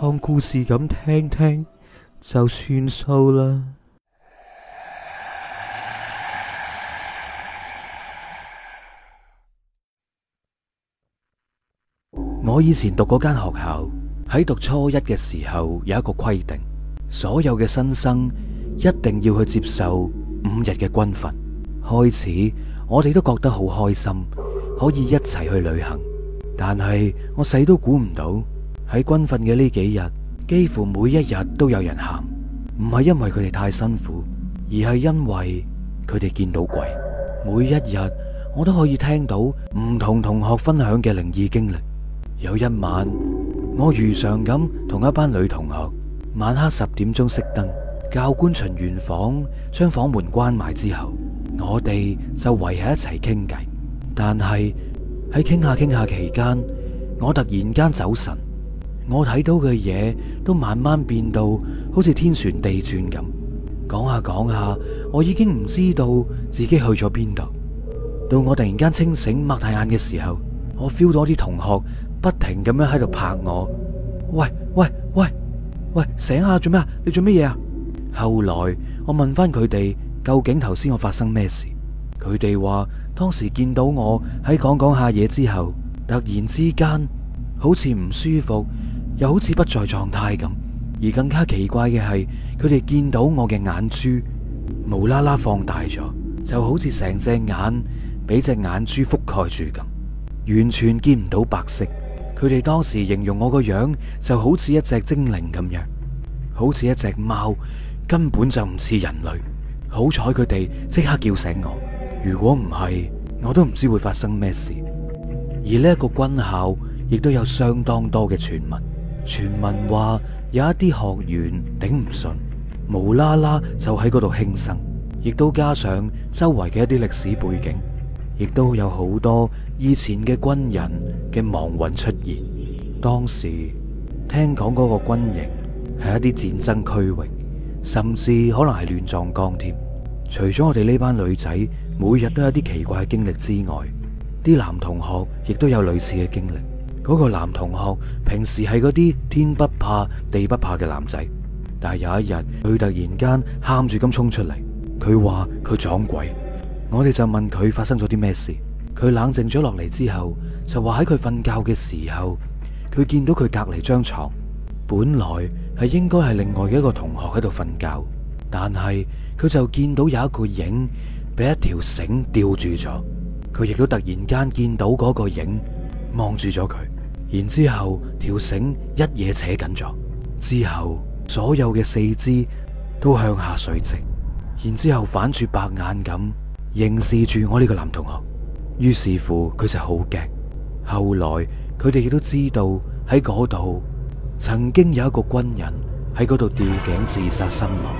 當故事咁聽聽就算數啦。我以前讀嗰間學校，喺讀初一嘅時候，有一個規定，所有嘅新生一定要去接受五日嘅軍訓。開始我哋都覺得好開心，可以一齊去旅行。但係我死都估唔到。喺軍訓嘅呢幾日，幾乎每一日都有人喊，唔係因為佢哋太辛苦，而係因為佢哋見到鬼。每一日我都可以聽到唔同同學分享嘅靈異經歷。有一晚，我如常咁同一班女同學晚黑十點鐘熄燈，教官巡完房，將房門關埋之後，我哋就圍喺一齊傾偈。但係喺傾下傾下期間，我突然間走神。我睇到嘅嘢都慢慢變到好似天旋地轉咁，講下講下，我已經唔知道自己去咗邊度。到我突然間清醒，擘大眼嘅時候，我 feel 到啲同學不停咁樣喺度拍我：喂喂喂喂，醒下做咩啊？你做乜嘢啊？後來我問翻佢哋究竟頭先我發生咩事，佢哋話當時見到我喺講講下嘢之後，突然之間好似唔舒服。又好似不在狀態咁，而更加奇怪嘅係，佢哋見到我嘅眼珠無啦啦放大咗，就好似成隻眼俾隻眼珠覆蓋住咁，完全見唔到白色。佢哋當時形容我個樣就好似一隻精靈咁樣，好似一隻貓，根本就唔似人類。好彩佢哋即刻叫醒我，如果唔係，我都唔知會發生咩事。而呢一個軍校亦都有相當多嘅傳聞。傳聞話有一啲學員頂唔順，無啦啦就喺嗰度輕生，亦都加上周圍嘅一啲歷史背景，亦都有好多以前嘅軍人嘅亡魂出現。當時聽講嗰個軍營係一啲戰爭區域，甚至可能係亂葬崗添。除咗我哋呢班女仔每日都有一啲奇怪嘅經歷之外，啲男同學亦都有類似嘅經歷。嗰個男同學平時係嗰啲天不怕地不怕嘅男仔，但係有一日佢突然間喊住咁衝出嚟，佢話佢撞鬼。我哋就問佢發生咗啲咩事，佢冷靜咗落嚟之後就話喺佢瞓覺嘅時候，佢見到佢隔籬張床本來係應該係另外嘅一個同學喺度瞓覺，但係佢就見到有一個影被一條繩吊住咗，佢亦都突然間見到嗰個影望住咗佢。然之後條繩一嘢扯緊咗，之後所有嘅四肢都向下垂直，然之後反住白眼咁凝視住我呢個男同學。於是乎佢就好驚。後來佢哋亦都知道喺嗰度曾經有一個軍人喺嗰度吊頸自殺身亡，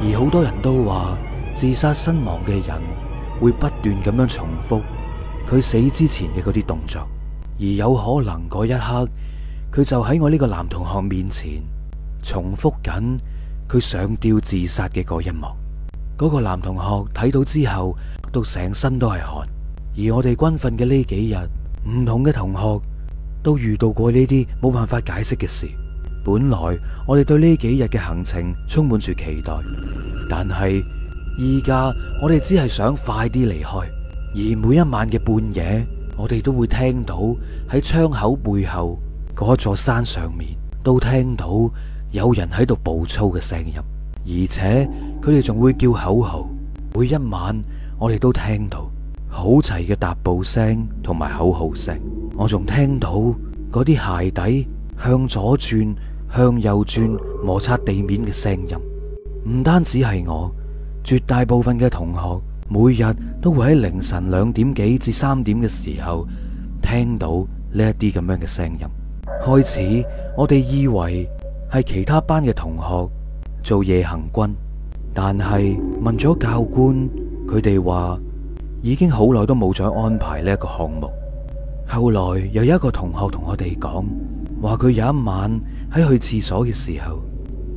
而好多人都話自殺身亡嘅人會不斷咁樣重複佢死之前嘅嗰啲動作。而有可能嗰一刻，佢就喺我呢個男同學面前重複緊佢上吊自殺嘅嗰一幕。嗰個男同學睇到之後，到成身都係汗。而我哋軍訓嘅呢幾日，唔同嘅同學都遇到過呢啲冇辦法解釋嘅事。本來我哋對呢幾日嘅行程充滿住期待，但係依家我哋只係想快啲離開。而每一晚嘅半夜，我哋都會聽到喺窗口背後嗰座山上面，都聽到有人喺度步操嘅聲音，而且佢哋仲會叫口號。每一晚，我哋都聽到好齊嘅踏步聲同埋口號聲。我仲聽到嗰啲鞋底向左轉、向右轉摩擦地面嘅聲音。唔單止係我，絕大部分嘅同學。每日都會喺凌晨兩點幾至三點嘅時候聽到呢一啲咁樣嘅聲音。開始我哋以為係其他班嘅同學做夜行軍，但係問咗教官，佢哋話已經好耐都冇再安排呢一個項目。後來有一個同學同我哋講，話佢有一晚喺去廁所嘅時候，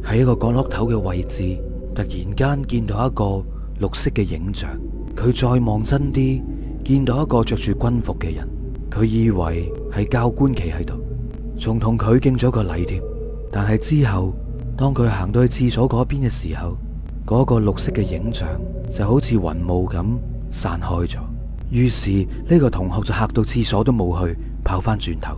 喺一個角落頭嘅位置，突然間見到一個。綠色嘅影像，佢再望真啲，見到一個着住軍服嘅人，佢以為係教官企喺度，仲同佢敬咗個禮添。但係之後，當佢行到去廁所嗰邊嘅時候，嗰個綠色嘅影像就好似雲霧咁散開咗。於是呢個同學就嚇到廁所都冇去，跑翻轉頭。